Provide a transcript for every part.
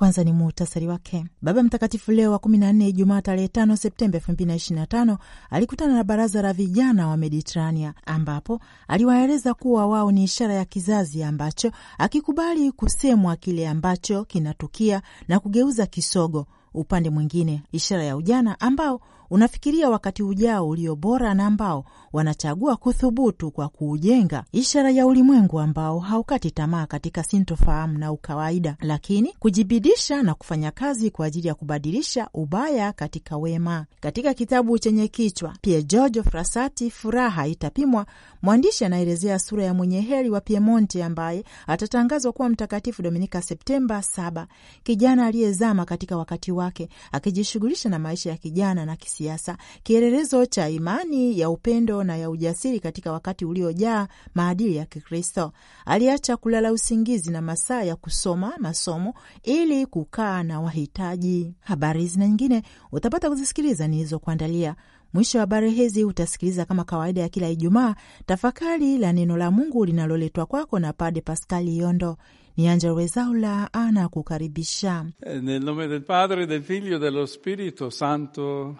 kwanza ni muhtasari wake. Baba Mtakatifu Leo wa 14 Ijumaa tarehe 5 Septemba 2025 alikutana na baraza la vijana wa Mediterania ambapo aliwaeleza kuwa wao ni ishara ya kizazi ambacho akikubali kusemwa kile ambacho kinatukia na kugeuza kisogo upande mwingine, ishara ya ujana ambao unafikiria wakati ujao ulio bora na ambao wanachagua kuthubutu kwa kuujenga, ishara ya ulimwengu ambao haukati tamaa katika sintofahamu na ukawaida, lakini kujibidisha na kufanya kazi kwa ajili ya kubadilisha ubaya katika wema. Katika kitabu chenye kichwa Pier Giorgio Frassati, furaha itapimwa, mwandishi anaelezea sura ya mwenye heri wa Piemonte ambaye atatangazwa kuwa mtakatifu Dominika Septemba sb kijana aliyezama katika wakati wake akijishughulisha na maisha ya kijana na kisiasa, kielelezo cha imani ya upendo na ya ujasiri katika wakati uliojaa maadili ya Kikristo. Aliacha kulala usingizi na masaa ya kusoma masomo ili kukaa na wahitaji. Habari hizi na nyingine utapata kuzisikiliza nilizokuandalia. Mwisho wa habari hizi utasikiliza kama kawaida ya kila Ijumaa tafakari la neno la Mungu linaloletwa kwako na Pade Paskali Yondo. Ni Angela Wezaula ana kukaribisha. Eh, nel nome del Padre, del Figlio, e dello Spirito Santo,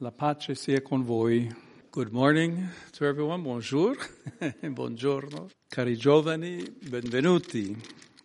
la pace sia con voi. Good morning to everyone, bonjour, buongiorno. Cari giovani, benvenuti.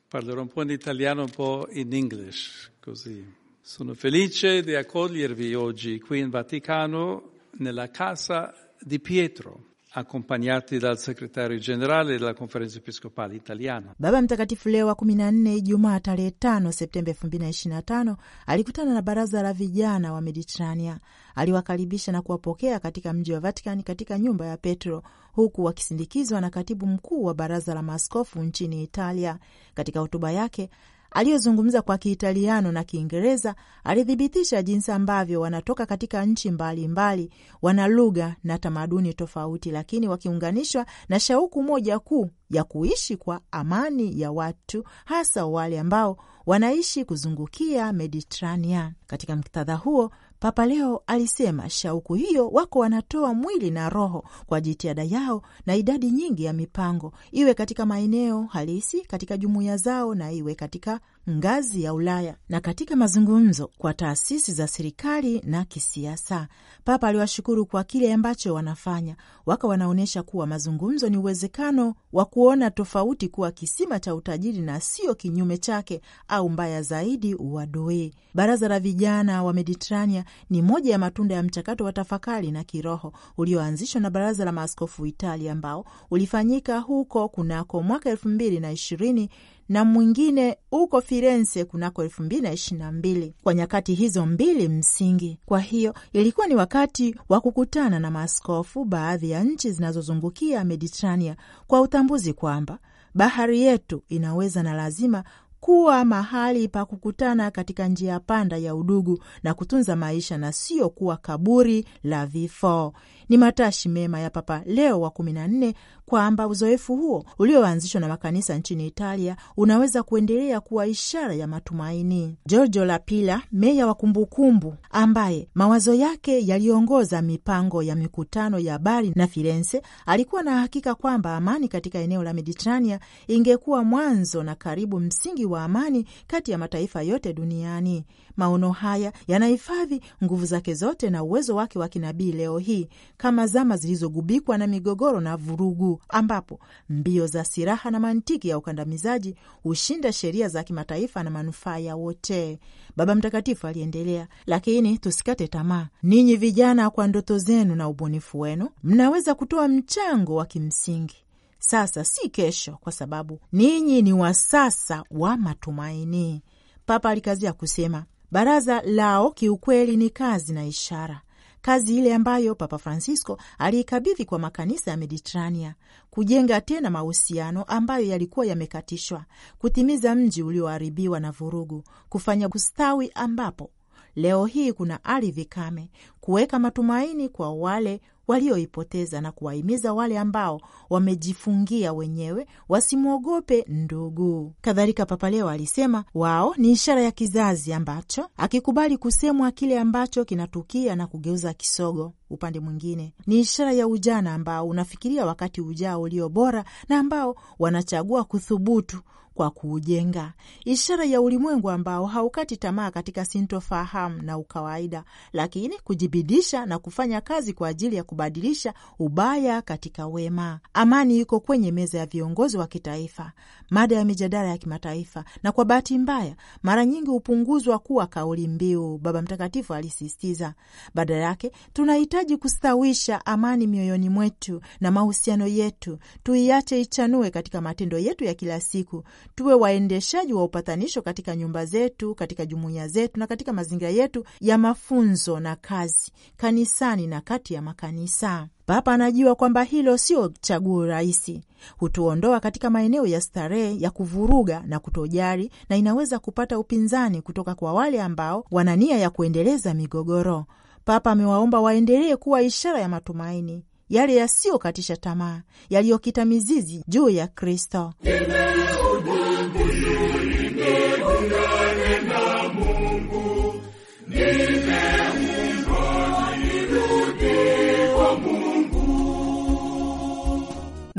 Parlerò un po' in italiano, un po' in English, così. Sono felice di accogliervi oggi qui in Vaticano, nella casa di Pietro. accompagnati dal segretario generale della Conferenza Episcopale Italiana. Baba Mtakatifu Leo wa 14 Ijumaa tarehe 5 Septemba 2025 alikutana na baraza la vijana wa Mediterania. Aliwakaribisha na kuwapokea katika mji wa Vatican katika nyumba ya Petro, huku wakisindikizwa na katibu mkuu wa baraza la maaskofu nchini Italia. Katika hotuba yake aliyezungumza kwa Kiitaliano na Kiingereza alithibitisha jinsi ambavyo wanatoka katika nchi mbalimbali, wana lugha na tamaduni tofauti, lakini wakiunganishwa na shauku moja kuu ya kuishi kwa amani ya watu, hasa wale ambao wanaishi kuzungukia Mediterania. Katika muktadha huo, Papa Leo alisema shauku hiyo wako wanatoa mwili na roho kwa jitihada yao na idadi nyingi ya mipango, iwe katika maeneo halisi katika jumuiya zao na iwe katika ngazi ya Ulaya na katika mazungumzo kwa taasisi za serikali na kisiasa. Papa aliwashukuru kwa kile ambacho wanafanya, waka wanaonyesha kuwa mazungumzo ni uwezekano wa kuona tofauti kuwa kisima cha utajiri na sio kinyume chake, au mbaya zaidi, uadui. Baraza la Vijana wa Mediterania ni moja ya matunda ya mchakato wa tafakari na kiroho ulioanzishwa na Baraza la Maaskofu Italia, ambao ulifanyika huko kunako mwaka elfu mbili na ishirini na mwingine uko Firenze kunako elfu mbili na ishirini na mbili kwa nyakati hizo mbili msingi. Kwa hiyo ilikuwa ni wakati wa kukutana na maaskofu baadhi ya nchi zinazozungukia Mediterania kwa utambuzi kwamba bahari yetu inaweza na lazima kuwa mahali pa kukutana katika njia panda ya udugu na kutunza maisha na sio kuwa kaburi la vifo. Ni matashi mema ya Papa Leo wa kumi na nne kwamba uzoefu huo ulioanzishwa na makanisa nchini Italia unaweza kuendelea kuwa ishara ya matumaini. Giorgio La Pila, meya wa kumbukumbu, ambaye mawazo yake yaliongoza mipango ya mikutano ya Bari na Firenze, alikuwa na hakika kwamba amani katika eneo la Mediterania ingekuwa mwanzo na karibu msingi wa amani kati ya mataifa yote duniani. Maono haya yanahifadhi nguvu zake zote na uwezo wake wa kinabii leo hii, kama zama zilizogubikwa na migogoro na vurugu, ambapo mbio za silaha na mantiki ya ukandamizaji hushinda sheria za kimataifa na manufaa ya wote. Baba Mtakatifu aliendelea, lakini tusikate tamaa. Ninyi vijana, kwa ndoto zenu na ubunifu wenu, mnaweza kutoa mchango wa kimsingi sasa, si kesho, kwa sababu ninyi ni wasasa wa matumaini. Papa alikazia kusema Baraza lao kiukweli ni kazi na ishara, kazi ile ambayo Papa Francisco aliikabidhi kwa makanisa ya Mediterania: kujenga tena mahusiano ambayo yalikuwa yamekatishwa, kutimiza mji ulioharibiwa na vurugu, kufanya kustawi ambapo leo hii kuna ardhi kame, kuweka matumaini kwa wale walioipoteza na kuwahimiza wale ambao wamejifungia wenyewe wasimwogope ndugu. Kadhalika, Papa Leo alisema wao ni ishara ya kizazi ambacho akikubali kusemwa kile ambacho kinatukia na kugeuza kisogo upande mwingine ni ishara ya ujana ambao unafikiria wakati ujao ulio bora na ambao wanachagua kuthubutu kwa kuujenga, ishara ya ulimwengu ambao haukati tamaa katika sintofahamu na ukawaida, lakini kujibidisha na kufanya kazi kwa ajili ya kubadilisha ubaya katika wema. Amani iko kwenye meza ya viongozi wa kitaifa, mada ya mijadala ya kimataifa, na kwa bahati mbaya mara nyingi hupunguzwa kuwa kauli mbiu, Baba Mtakatifu alisisitiza. Badala yake tunahitaji kustawisha amani mioyoni mwetu na mahusiano yetu, tuiache ichanue katika matendo yetu ya kila siku, tuwe waendeshaji wa upatanisho katika nyumba zetu, katika jumuiya zetu, na katika mazingira yetu ya mafunzo na kazi, kanisani na kati ya makanisa kanisa. Papa anajua kwamba hilo sio chaguo rahisi, hutuondoa katika maeneo ya starehe ya kuvuruga na kutojali, na inaweza kupata upinzani kutoka kwa wale ambao wana nia ya kuendeleza migogoro. Papa amewaomba waendelee kuwa ishara ya matumaini, yale yasiyokatisha tamaa, yaliyokita mizizi juu ya Kristo.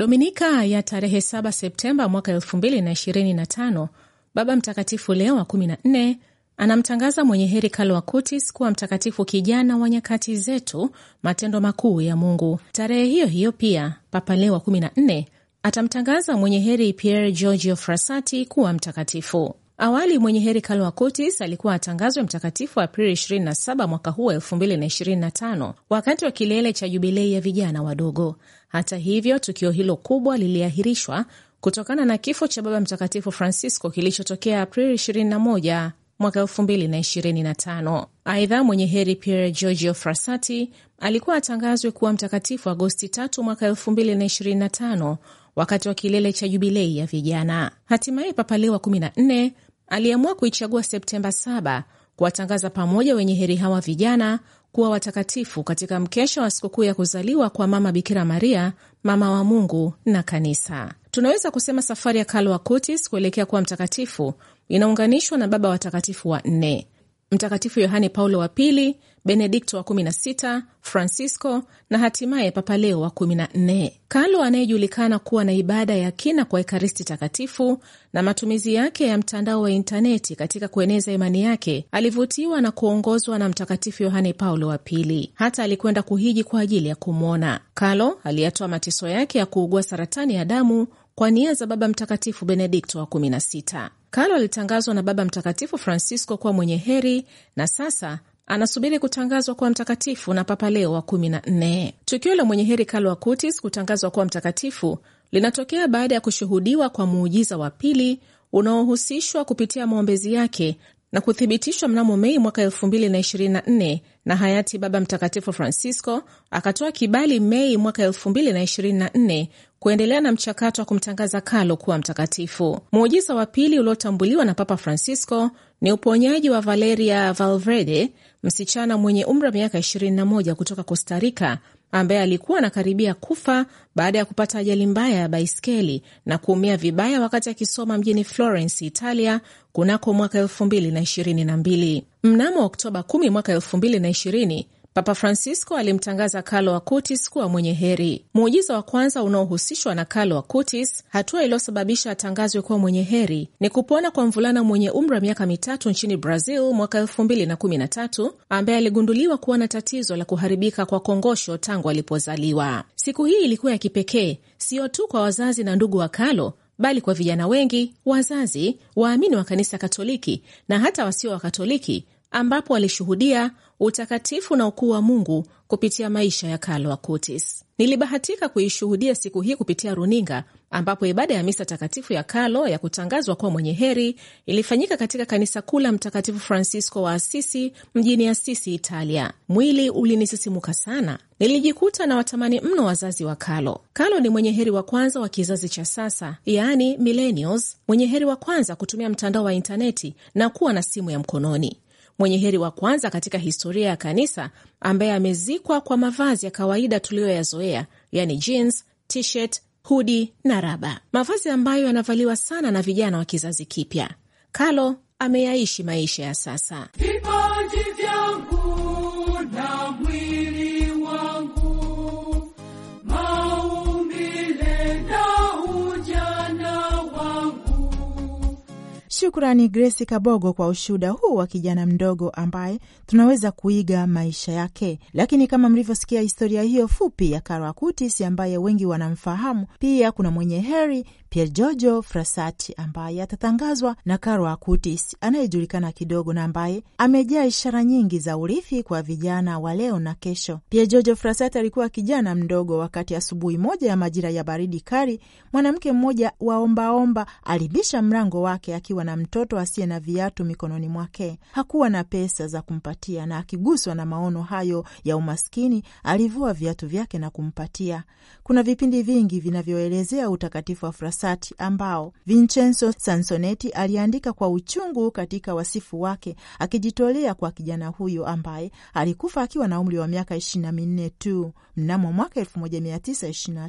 Dominika ya tarehe 7 Septemba mwaka 2025, Baba Mtakatifu Leo wa 14 anamtangaza mwenye heri Carlo Acutis kuwa mtakatifu kijana wa nyakati zetu, matendo makuu ya Mungu. Tarehe hiyo hiyo pia Papa Leo wa 14 atamtangaza mwenye heri Pier Giorgio Frassati kuwa mtakatifu. Awali mwenye heri Kalwa Kutis alikuwa atangazwe mtakatifu Aprili 27 mwaka huu 2025 wakati wa kilele cha jubilei ya vijana wadogo. Hata hivyo, tukio hilo kubwa liliahirishwa kutokana na kifo cha Baba Mtakatifu Francisco kilichotokea Aprili 21 mwaka 2025. Aidha, mwenye heri pierre Giorgio Frassati alikuwa atangazwe kuwa mtakatifu Agosti 3 mwaka 2025 wakati wa kilele cha jubilei ya vijana. Hatimaye Papa Leo wa 14 aliamua kuichagua Septemba 7 kuwatangaza pamoja wenye heri hawa vijana kuwa watakatifu katika mkesha wa sikukuu ya kuzaliwa kwa Mama Bikira Maria, mama wa Mungu na Kanisa. Tunaweza kusema safari ya Karl Acutis kuelekea kuwa mtakatifu inaunganishwa na baba watakatifu wa nne, Mtakatifu Yohane Paulo wa Pili, Benedikto wa 16, Francisco na hatimaye Papa Leo wa 14. Carlo anayejulikana kuwa na ibada ya kina kwa Ekaristi Takatifu na matumizi yake ya mtandao wa intaneti katika kueneza imani yake, alivutiwa na kuongozwa na Mtakatifu Yohane Paulo wa Pili. Hata alikwenda kuhiji kwa ajili ya kumwona. Carlo aliyatoa mateso yake ya kuugua saratani ya damu kwa nia za Baba Mtakatifu Benedikto wa 16. Carlo alitangazwa na Baba Mtakatifu Francisco kuwa mwenye heri na sasa anasubiri kutangazwa kuwa mtakatifu na Papa Leo wa kumi na nne. Tukio la mwenye heri Carlo Acutis kutangazwa kuwa mtakatifu linatokea baada ya kushuhudiwa kwa muujiza wa pili unaohusishwa kupitia maombezi yake na kuthibitishwa mnamo Mei mwaka 2024 na hayati Baba Mtakatifu Francisco akatoa kibali Mei mwaka 2024 kuendelea na mchakato wa kumtangaza Carlo kuwa mtakatifu. Muujiza wa pili uliotambuliwa na Papa Francisco ni uponyaji wa Valeria Valverde msichana mwenye umri wa miaka 21 kutoka Costa Rica ambaye alikuwa anakaribia kufa baada ya kupata ajali mbaya ya baiskeli na kuumia vibaya wakati akisoma mjini Florence, Italia kunako mwaka mbili. Mnamo Oktoba kumi mwaka ishirini, Papa Francisco alimtangaza Carlo Acutis kuwa mwenye heri, muujiza wa kwanza unaohusishwa na Carlo Acutis. Hatua iliyosababisha atangazwe kuwa mwenye heri ni kupona kwa mvulana mwenye umri wa miaka mitatu nchini Brazil mwaka elfu mbili na kumi na tatu ambaye aligunduliwa kuwa na tatizo la kuharibika kwa kongosho tangu alipozaliwa. Siku hii ilikuwa ya kipekee siyo tu kwa wazazi na ndugu wa Carlo bali kwa vijana wengi, wazazi, waamini wa kanisa Katoliki na hata wasio wa Katoliki, ambapo walishuhudia utakatifu na ukuu wa Mungu kupitia maisha ya Carlo Acutis. Nilibahatika kuishuhudia siku hii kupitia runinga, ambapo ibada ya misa takatifu ya Carlo ya kutangazwa kuwa mwenye heri ilifanyika katika kanisa kuu la Mtakatifu Francisco wa Asisi mjini Asisi, Italia. Mwili ulinisisimuka sana, nilijikuta na watamani mno wazazi wa Carlo. Carlo ni mwenye heri wa kwanza wa kizazi cha sasa, yaani millennials, mwenye heri wa kwanza kutumia mtandao wa intaneti na kuwa na simu ya mkononi mwenye heri wa kwanza katika historia ya kanisa ambaye amezikwa kwa mavazi ya kawaida tuliyoyazoea, yani jeans, t-shirt, hudi na raba, mavazi ambayo yanavaliwa sana na vijana wa kizazi kipya. carlo ameyaishi maisha ya sasa. Vipaji vyangu Shukrani Grace Kabogo kwa ushuhuda huu wa kijana mdogo ambaye tunaweza kuiga maisha yake. Lakini kama mlivyosikia historia hiyo fupi ya Karakutis ambaye wengi wanamfahamu, pia kuna mwenye heri Piergiorgio Frassati ambaye atatangazwa na Carlo Acutis anayejulikana kidogo na ambaye amejaa ishara nyingi za urithi kwa vijana wa leo na kesho. Piergiorgio Frassati alikuwa kijana mdogo, wakati asubuhi moja ya majira ya baridi kali, mwanamke mmoja waombaomba alibisha mlango wake akiwa na mtoto asiye na viatu mikononi mwake. Hakuwa na pesa za kumpatia, na akiguswa na maono hayo ya umaskini alivua viatu vyake na kumpatia. Kuna vipindi vingi vinavyoelezea utakatifu wa Frassati Mozart ambao Vincenzo Sansonetti aliandika kwa uchungu katika wasifu wake, akijitolea kwa kijana huyo ambaye alikufa akiwa na umri wa miaka ishirini na minne tu mnamo mwaka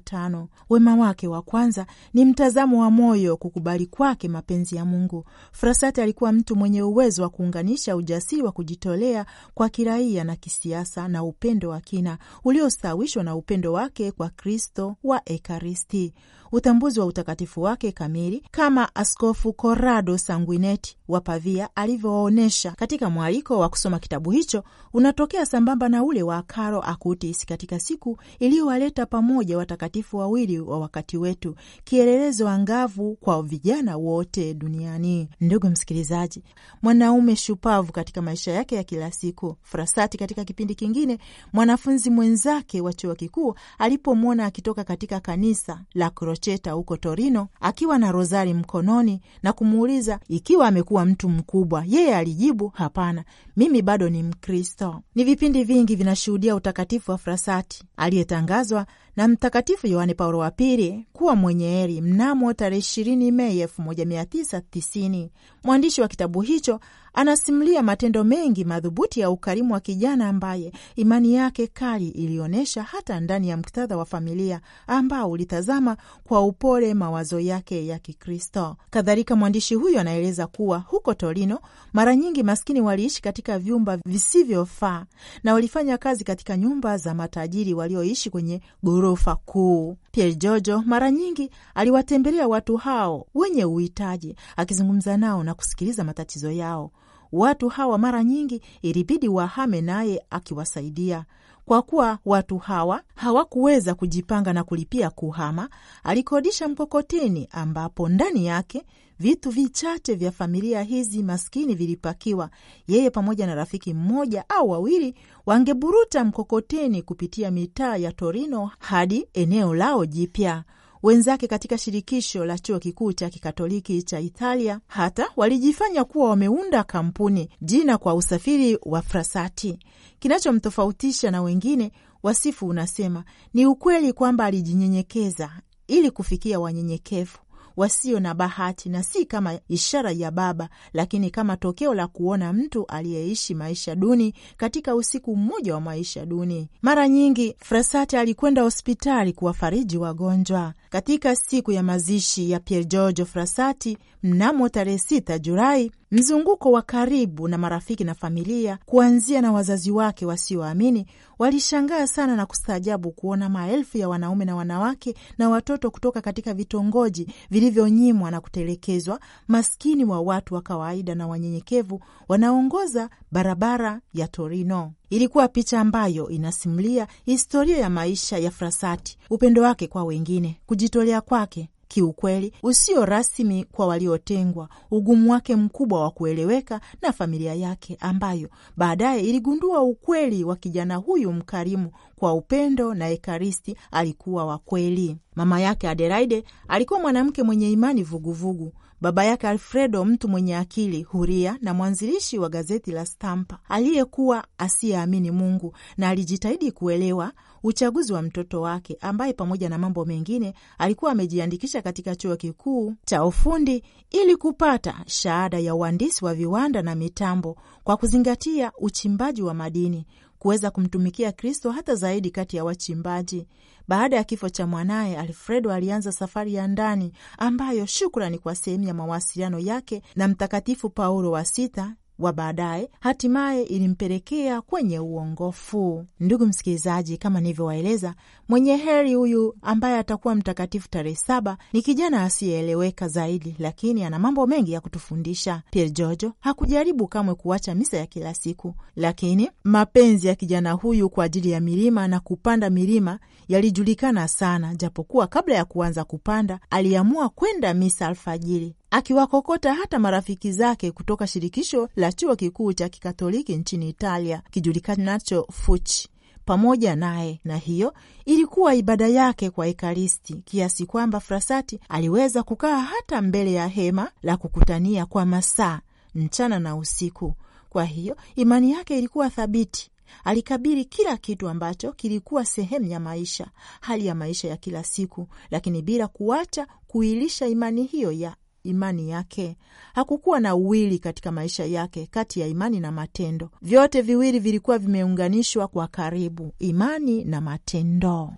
tano. Wema wake wa kwanza ni mtazamo wa moyo, kukubali kwake mapenzi ya Mungu. Frasati alikuwa mtu mwenye uwezo wa kuunganisha ujasiri wa kujitolea kwa kiraia na kisiasa na upendo wa kina uliostawishwa na upendo wake kwa Kristo wa Ekaristi utambuzi wa utakatifu wake kamili kama Askofu Corrado Sanguinetti wa Pavia alivyoonyesha katika mwaliko wa kusoma kitabu hicho, unatokea sambamba na ule wa Caro Acutis katika siku iliyowaleta pamoja watakatifu wawili wa wakati wetu, kielelezo angavu kwa vijana wote duniani. Ndugu msikilizaji, mwanaume shupavu katika maisha yake ya kila siku, Frasati katika kipindi kingine, mwanafunzi mwenzake wa chuo kikuu alipomwona akitoka katika kanisa la Croce dikteta huko Torino akiwa na rozari mkononi na kumuuliza ikiwa amekuwa mtu mkubwa. Yeye alijibu hapana, mimi bado ni Mkristo. Ni vipindi vingi vinashuhudia utakatifu wa Frasati aliyetangazwa na Mtakatifu Yohane Paulo wa Pili kuwa mwenye heri mnamo tarehe 20 Mei 1990. Mwandishi wa kitabu hicho anasimulia matendo mengi madhubuti ya ukarimu wa kijana ambaye imani yake kali ilionyesha hata ndani ya muktadha wa familia ambao ulitazama kwa upole mawazo yake ya Kikristo. Kadhalika, mwandishi huyo anaeleza kuwa huko Torino mara nyingi maskini waliishi katika vyumba visivyofaa na walifanya kazi katika nyumba za matajiri walioishi kwenye goro ghorofa kuu. Pier Jojo mara nyingi aliwatembelea watu hao wenye uhitaji, akizungumza nao na kusikiliza matatizo yao. Watu hawa mara nyingi ilibidi wahame, naye akiwasaidia kwa kuwa watu hawa hawakuweza kujipanga na kulipia kuhama, alikodisha mkokoteni ambapo ndani yake Vitu vichache vya familia hizi maskini vilipakiwa, yeye pamoja na rafiki mmoja au wawili wangeburuta mkokoteni kupitia mitaa ya Torino hadi eneo lao jipya. Wenzake katika shirikisho la chuo kikuu cha kikatoliki cha Italia hata walijifanya kuwa wameunda kampuni jina kwa usafiri wa frasati. Kinachomtofautisha na wengine, wasifu unasema, ni ukweli kwamba alijinyenyekeza ili kufikia wanyenyekevu wasio na bahati, na si kama ishara ya baba, lakini kama tokeo la kuona mtu aliyeishi maisha duni katika usiku mmoja wa maisha duni. Mara nyingi frasati alikwenda hospitali kuwafariji wagonjwa. Katika siku ya mazishi ya Pier Giorgio frasati mnamo tarehe 6 Julai Mzunguko wa karibu na marafiki na familia, kuanzia na wazazi wake wasioamini, walishangaa sana na kustaajabu kuona maelfu ya wanaume na wanawake na watoto kutoka katika vitongoji vilivyonyimwa na kutelekezwa, maskini wa watu wa kawaida na wanyenyekevu, wanaongoza barabara ya Torino. Ilikuwa picha ambayo inasimulia historia ya maisha ya Frasati, upendo wake kwa wengine, kujitolea kwake kiukweli, usio rasmi kwa waliotengwa, ugumu wake mkubwa wa kueleweka na familia yake, ambayo baadaye iligundua ukweli wa kijana huyu mkarimu kwa upendo na Ekaristi alikuwa wa kweli. Mama yake Adelaide alikuwa mwanamke mwenye imani vuguvugu vugu. Baba yake Alfredo, mtu mwenye akili huria na mwanzilishi wa gazeti la Stampa, aliyekuwa asiyeamini Mungu na alijitahidi kuelewa uchaguzi wa mtoto wake ambaye pamoja na mambo mengine alikuwa amejiandikisha katika chuo kikuu cha ufundi ili kupata shahada ya uhandisi wa viwanda na mitambo kwa kuzingatia uchimbaji wa madini, kuweza kumtumikia Kristo hata zaidi kati ya wachimbaji. Baada ya kifo cha mwanaye Alfredo alianza safari ya ndani ambayo shukrani kwa sehemu ya mawasiliano yake na Mtakatifu Paulo wa Sita wa baadaye hatimaye ilimpelekea kwenye uongofu. Ndugu msikilizaji, kama nilivyowaeleza, mwenye heri huyu ambaye atakuwa mtakatifu tarehe saba ni kijana asiyeeleweka zaidi, lakini ana mambo mengi ya kutufundisha. Pier Giorgio hakujaribu kamwe kuacha misa ya kila siku, lakini mapenzi ya kijana huyu kwa ajili ya milima na kupanda milima yalijulikana sana, japokuwa kabla ya kuanza kupanda aliamua kwenda misa alfajiri akiwakokota hata marafiki zake kutoka shirikisho la chuo kikuu cha kikatoliki nchini Italia kijulikanacho Fuchi pamoja naye, na hiyo ilikuwa ibada yake kwa Ekaristi, kiasi kwamba Frasati aliweza kukaa hata mbele ya hema la kukutania kwa masaa mchana na usiku. Kwa hiyo imani yake ilikuwa thabiti. Alikabili kila kitu ambacho kilikuwa sehemu ya maisha, hali ya maisha ya kila siku, lakini bila kuacha kuilisha imani hiyo ya imani yake. Hakukuwa na uwili katika maisha yake kati ya imani na matendo. Vyote viwili vilikuwa vimeunganishwa kwa karibu, imani na matendo.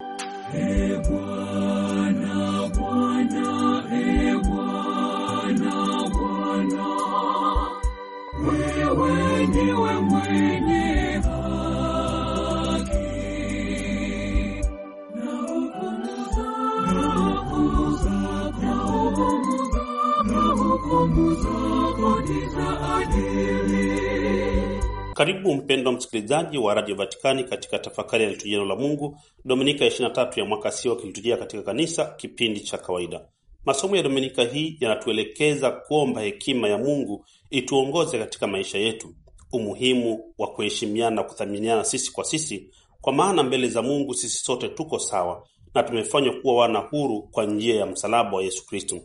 E Bwana, Bwana, Bwana, wewe ndiwe mwenye Karibu mpendwa msikilizaji wa Radio Vatikani katika tafakari ya litujia la Mungu Dominika 23 ya mwaka sio kilitujia katika kanisa kipindi cha kawaida. Masomo ya Dominika hii yanatuelekeza kuomba hekima ya Mungu ituongoze katika maisha yetu, umuhimu wa kuheshimiana na kuthaminiana sisi kwa sisi, kwa maana mbele za Mungu sisi sote tuko sawa na tumefanywa kuwa wana huru kwa njia ya msalaba wa Yesu kristu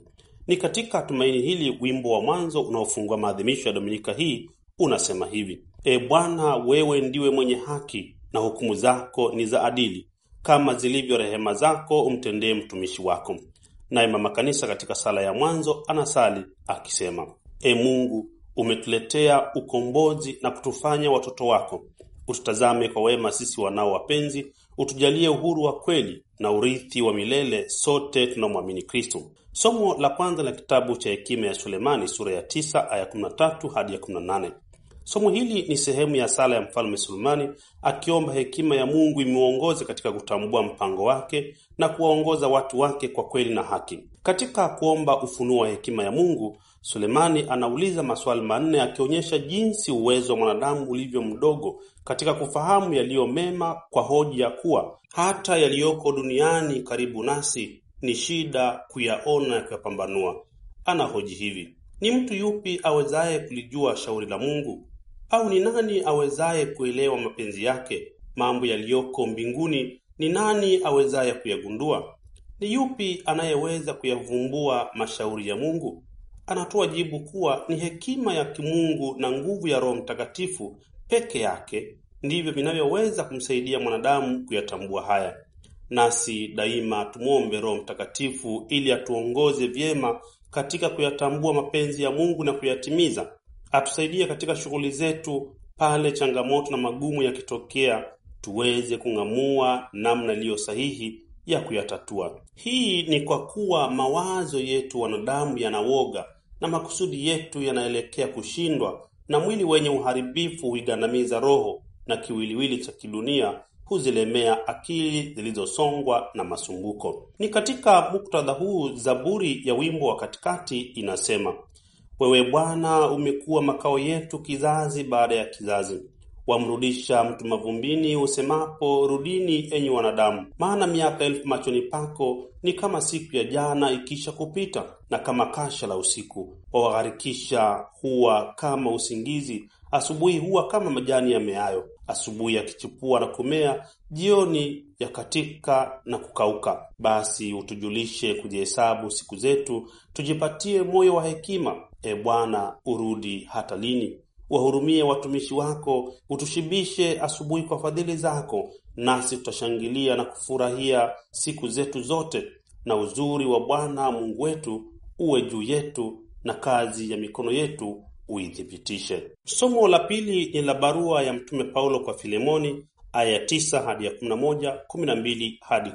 ni katika tumaini hili wimbo wa mwanzo unaofungua maadhimisho ya Dominika hii unasema hivi: E Bwana, wewe ndiwe mwenye haki na hukumu zako ni za adili, kama zilivyo rehema zako umtendee mtumishi wako. Naye mama kanisa katika sala ya mwanzo anasali akisema: E Mungu, umetuletea ukombozi na kutufanya watoto wako, ututazame kwa wema sisi wanao wapenzi utujalie uhuru wa kweli na urithi wa milele sote tunamwamini Kristo. Somo la kwanza la kitabu cha Hekima ya Sulemani sura ya 9 aya 13 hadi ya 18. Somo hili ni sehemu ya sala ya Mfalme Sulemani akiomba hekima ya Mungu imuongoze katika kutambua mpango wake na kuwaongoza watu wake kwa kweli na haki. Katika kuomba ufunuo wa hekima ya Mungu, Sulemani anauliza maswali manne akionyesha jinsi uwezo wa mwanadamu ulivyo mdogo katika kufahamu yaliyo mema kwa hoja kuwa hata yaliyoko duniani karibu nasi ni shida kuyaona na kuyapambanua. Anahoji hivi: ni mtu yupi awezaye kulijua shauri la Mungu? Au ni nani awezaye kuelewa mapenzi yake? Mambo yaliyoko mbinguni ni nani awezaye kuyagundua? Ni yupi anayeweza kuyavumbua mashauri ya Mungu? Anatoa jibu kuwa ni hekima ya kimungu na nguvu ya Roho Mtakatifu peke yake ndivyo vinavyoweza kumsaidia mwanadamu kuyatambua haya. Nasi daima tumwombe Roho Mtakatifu ili atuongoze vyema katika kuyatambua mapenzi ya Mungu na kuyatimiza. Atusaidie katika shughuli zetu, pale changamoto na magumu yakitokea, tuweze kung'amua namna iliyo sahihi ya kuyatatua. Hii ni kwa kuwa mawazo yetu wanadamu yanawoga na makusudi yetu yanaelekea kushindwa na mwili wenye uharibifu huigandamiza roho, na kiwiliwili cha kidunia huzilemea akili zilizosongwa na masumbuko. Ni katika muktadha huu Zaburi ya wimbo wa katikati inasema, wewe Bwana umekuwa makao yetu kizazi baada ya kizazi wamrudisha mtu mavumbini, usemapo rudini, enyi wanadamu, maana miaka elfu machoni pako ni kama siku ya jana ikisha kupita, na kama kasha la usiku. Wawagharikisha huwa kama usingizi, asubuhi huwa kama majani yameayo, asubuhi yakichipua na kumea, jioni yakatika na kukauka. Basi utujulishe kujihesabu siku zetu, tujipatie moyo wa hekima. E Bwana, urudi hata lini? wahurumie watumishi wako, utushibishe asubuhi kwa fadhili zako, nasi tutashangilia na kufurahia siku zetu zote, na uzuri wa Bwana Mungu wetu uwe juu yetu na kazi ya mikono yetu uithibitishe. Somo la pili ni la barua ya Mtume Paulo kwa Filemoni, aya ya 9 hadi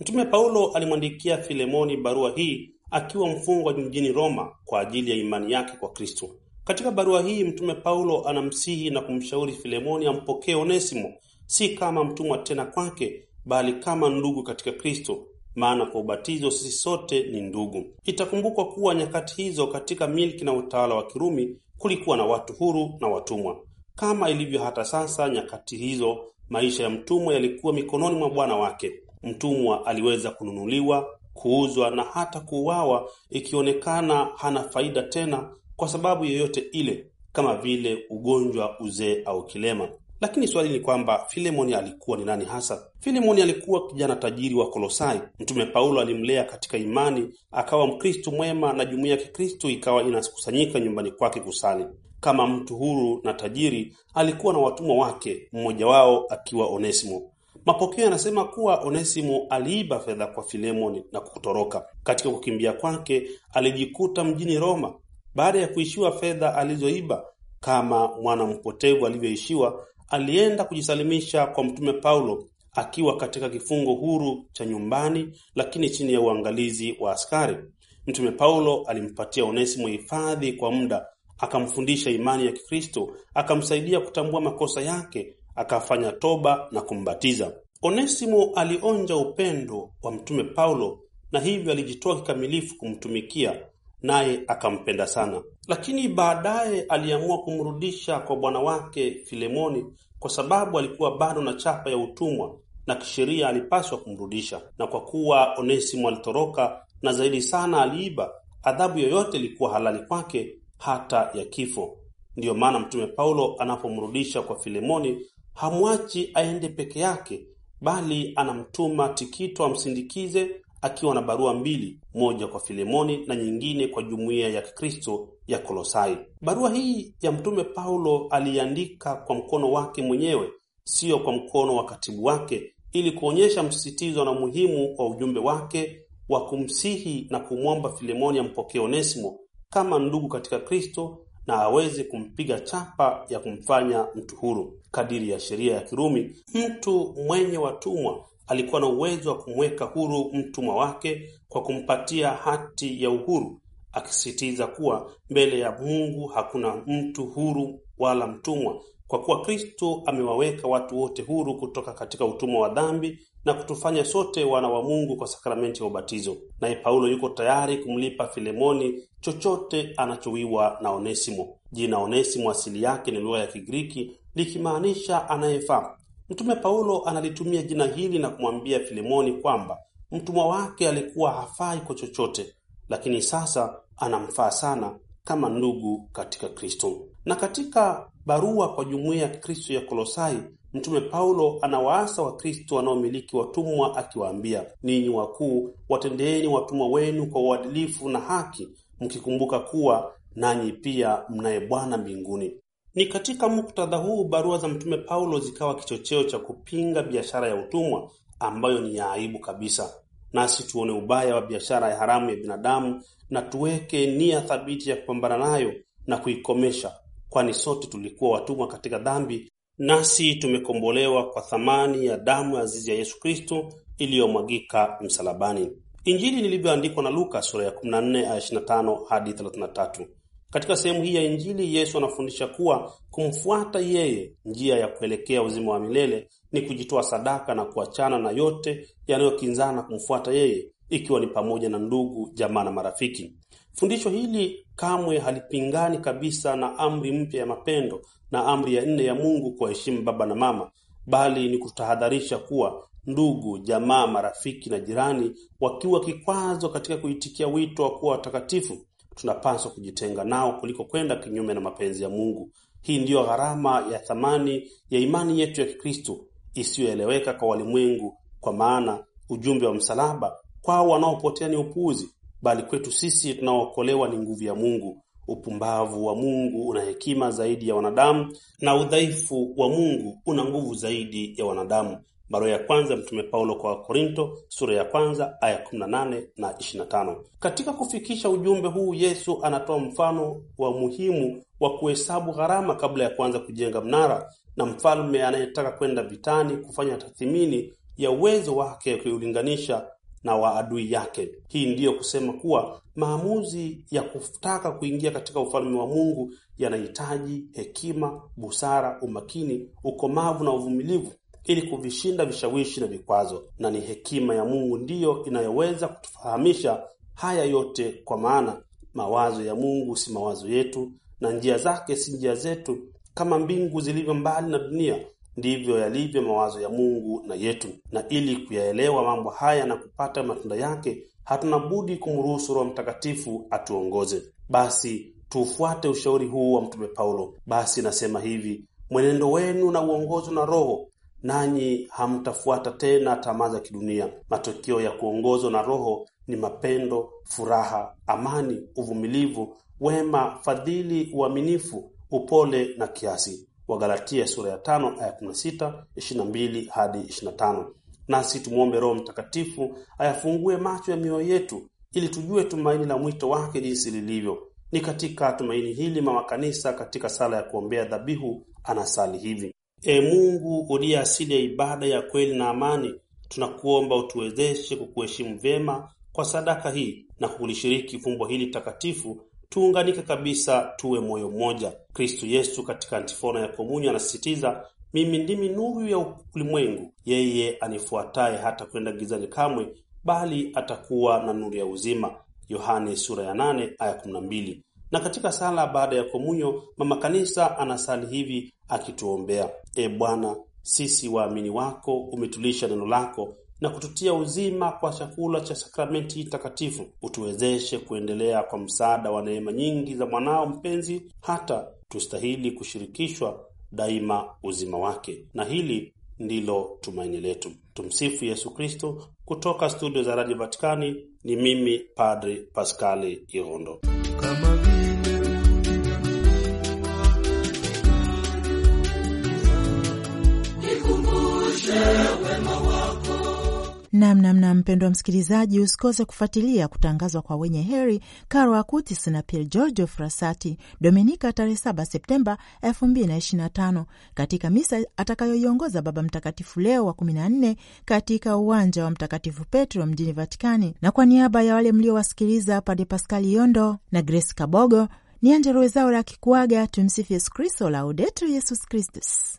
Mtume Paulo alimwandikia Filemoni barua hii akiwa mfungwa mjini Roma kwa ajili ya imani yake kwa Kristo. Katika barua hii Mtume Paulo anamsihi na kumshauri Filemoni ampokee Onesimo si kama mtumwa tena kwake, bali kama ndugu katika Kristo, maana kwa ubatizo sisi sote ni ndugu. Itakumbukwa kuwa nyakati hizo katika milki na utawala wa Kirumi kulikuwa na watu huru na watumwa, kama ilivyo hata sasa. Nyakati hizo maisha ya mtumwa yalikuwa mikononi mwa bwana wake. Mtumwa aliweza kununuliwa, kuuzwa na hata kuuawa, ikionekana hana faida tena kwa sababu yoyote ile, kama vile ugonjwa, uzee au kilema. Lakini swali ni kwamba Filemoni alikuwa ni nani hasa? Filemoni alikuwa kijana tajiri wa Kolosai. Mtume Paulo alimlea katika imani, akawa Mkristo mwema, na jumuiya ya Kikristo ikawa inakusanyika nyumbani kwake kusali. Kama mtu huru na tajiri, alikuwa na watumwa wake, mmoja wao akiwa Onesimo. Mapokeo yanasema kuwa Onesimo aliiba fedha kwa Filemoni na kutoroka. Katika kukimbia kwake, alijikuta mjini Roma baada ya kuishiwa fedha alizoiba kama mwana mpotevu alivyoishiwa, alienda kujisalimisha kwa Mtume Paulo akiwa katika kifungo huru cha nyumbani, lakini chini ya uangalizi wa askari. Mtume Paulo alimpatia Onesimo hifadhi kwa muda, akamfundisha imani ya Kikristo, akamsaidia kutambua makosa yake, akafanya toba na kumbatiza. Onesimo alionja upendo wa Mtume Paulo na hivyo alijitoa kikamilifu kumtumikia naye akampenda sana, lakini baadaye aliamua kumrudisha kwa bwana wake Filemoni kwa sababu alikuwa bado na chapa ya utumwa na kisheria alipaswa kumrudisha, na kwa kuwa Onesimo alitoroka na zaidi sana aliiba, adhabu yoyote ilikuwa halali kwake, hata ya kifo. Ndiyo maana Mtume Paulo anapomrudisha kwa Filemoni hamwachi aende peke yake, bali anamtuma Tikito amsindikize akiwa na barua mbili, moja kwa Filemoni na nyingine kwa jumuiya ya Kikristo ya Kolosai. Barua hii ya Mtume Paulo aliandika kwa mkono wake mwenyewe, siyo kwa mkono wa katibu wake, ili kuonyesha msisitizo na umuhimu wa ujumbe wake wa kumsihi na kumwomba Filemoni ampokee Onesimo kama ndugu katika Kristo na aweze kumpiga chapa ya kumfanya mtu huru kadiri ya sheria ya Kirumi. Mtu mwenye watumwa alikuwa na uwezo wa kumweka huru mtumwa wake kwa kumpatia hati ya uhuru, akisisitiza kuwa mbele ya Mungu hakuna mtu huru wala mtumwa, kwa kuwa Kristo amewaweka watu wote huru kutoka katika utumwa wa dhambi na kutufanya sote wana wa Mungu kwa sakramenti ya ubatizo. Naye Paulo yuko tayari kumlipa Filemoni chochote anachowiwa na Onesimo. Jina Onesimo asili yake ni lugha ya Kigiriki likimaanisha anayefaa. Mtume Paulo analitumia jina hili na kumwambia Filemoni kwamba mtumwa wake alikuwa hafai kwa chochote, lakini sasa anamfaa sana kama ndugu katika Kristo. Na katika barua kwa jumuiya ya Kristo ya Kolosai, Mtume Paulo anawaasa Wakristo wanaomiliki watumwa akiwaambia, ninyi wakuu, watendeeni watumwa wenu kwa uadilifu na haki, mkikumbuka kuwa nanyi pia mnaye Bwana mbinguni. Ni katika muktadha huu barua za Mtume Paulo zikawa kichocheo cha kupinga biashara ya utumwa ambayo ni ya aibu kabisa. Nasi tuone ubaya wa biashara ya haramu ya binadamu na tuweke nia thabiti ya kupambana nayo na kuikomesha, kwani sote tulikuwa watumwa katika dhambi, nasi tumekombolewa kwa thamani ya damu azizi ya Yesu Kristo iliyomwagika msalabani. Injili nilivyoandikwa na Luka sura ya 14 aya 25 hadi 33. Katika sehemu hii ya Injili Yesu anafundisha kuwa kumfuata yeye, njia ya kuelekea uzima wa milele ni kujitoa sadaka na kuachana na yote yanayokinzana kumfuata yeye, ikiwa ni pamoja na ndugu, jamaa na marafiki. Fundisho hili kamwe halipingani kabisa na amri mpya ya mapendo na amri ya nne ya Mungu heshima baba na mama, bali ni kutahadharisha kuwa ndugu, jamaa, marafiki na jirani wakiwa kikwazo katika kuitikia wito wa kuwa watakatifu tunapaswa kujitenga nao kuliko kwenda kinyume na mapenzi ya Mungu. Hii ndiyo gharama ya thamani ya imani yetu ya Kikristo isiyoeleweka kwa walimwengu, kwa maana ujumbe wa msalaba kwao wanaopotea ni upuuzi, bali kwetu sisi tunaookolewa ni nguvu ya Mungu. Upumbavu wa Mungu una hekima zaidi ya wanadamu na udhaifu wa Mungu una nguvu zaidi ya wanadamu. Barua ya kwanza Mtume Paulo kwa Wakorinto sura ya kwanza aya 18 na 25. Katika kufikisha ujumbe huu, Yesu anatoa mfano wa muhimu wa kuhesabu gharama kabla ya kuanza kujenga mnara, na mfalme anayetaka kwenda vitani kufanya tathmini ya uwezo wake kuilinganisha na wa adui yake. Hii ndiyo kusema kuwa maamuzi ya kutaka kuingia katika ufalme wa Mungu yanahitaji hekima, busara, umakini, ukomavu na uvumilivu ili kuvishinda vishawishi na vikwazo, na ni hekima ya Mungu ndiyo inayoweza kutufahamisha haya yote, kwa maana mawazo ya Mungu si mawazo yetu, na njia zake si njia zetu. Kama mbingu zilivyo mbali na dunia, ndivyo yalivyo mawazo ya Mungu na yetu. Na ili kuyaelewa mambo haya na kupata matunda yake, hatuna budi kumruhusu Roho Mtakatifu atuongoze. Basi tuufuate ushauri huu wa Mtume Paulo. Basi nasema hivi, mwenendo wenu na uongozwe na Roho nanyi hamtafuata tena tamaa za kidunia. Matokeo ya kuongozwa na Roho ni mapendo, furaha, amani, uvumilivu, wema, fadhili, uaminifu, upole na kiasi. Wagalatia sura ya tano aya na mbili hadi tano. Nasi tumwombe Roho Mtakatifu ayafungue macho ya mioyo yetu ili tujue tumaini la mwito wake jinsi lilivyo. Ni katika tumaini hili mama kanisa katika sala ya kuombea dhabihu anasali hivi: e Mungu uliye asili ya ibada ya kweli na amani, tunakuomba utuwezeshe kukuheshimu vyema kwa sadaka hii na kulishiriki fumbo hili takatifu, tuunganike kabisa, tuwe moyo mmoja. Kristu Yesu katika antifona ya komunyo anasisitiza, mimi ndimi nuru ya ulimwengu, yeye anifuataye hata kwenda gizani kamwe, bali atakuwa na nuru ya uzima. Yohane sura ya nane aya kumi na mbili na katika sala baada ya komunyo mama kanisa anasali hivi akituombea: E Bwana, sisi waamini wako, umetulisha neno lako na kututia uzima kwa chakula cha sakramenti takatifu. Utuwezeshe kuendelea kwa msaada wa neema nyingi za mwanao mpenzi, hata tustahili kushirikishwa daima uzima wake, na hili ndilo tumaini letu. Tumsifu Yesu Kristo. Kutoka studio za Radio Vatikani ni mimi Padri Paskali Irondo. Kama Namnamna mpendwa msikilizaji, usikose kufuatilia kutangazwa kwa wenye heri Carlo Acutis na Pier Giorgio Frassati Dominika tarehe 7 Septemba 2025 katika misa atakayoiongoza Baba Mtakatifu Leo wa 14 katika uwanja wa Mtakatifu Petro mjini Vatikani. Na kwa niaba ya wale mliowasikiliza, Pade Paskali Yondo na Grace Kabogo ni Angella Rwezaura akikuaga. Tumsifu Yesu Kristo, Laudetur Yesus Kristus.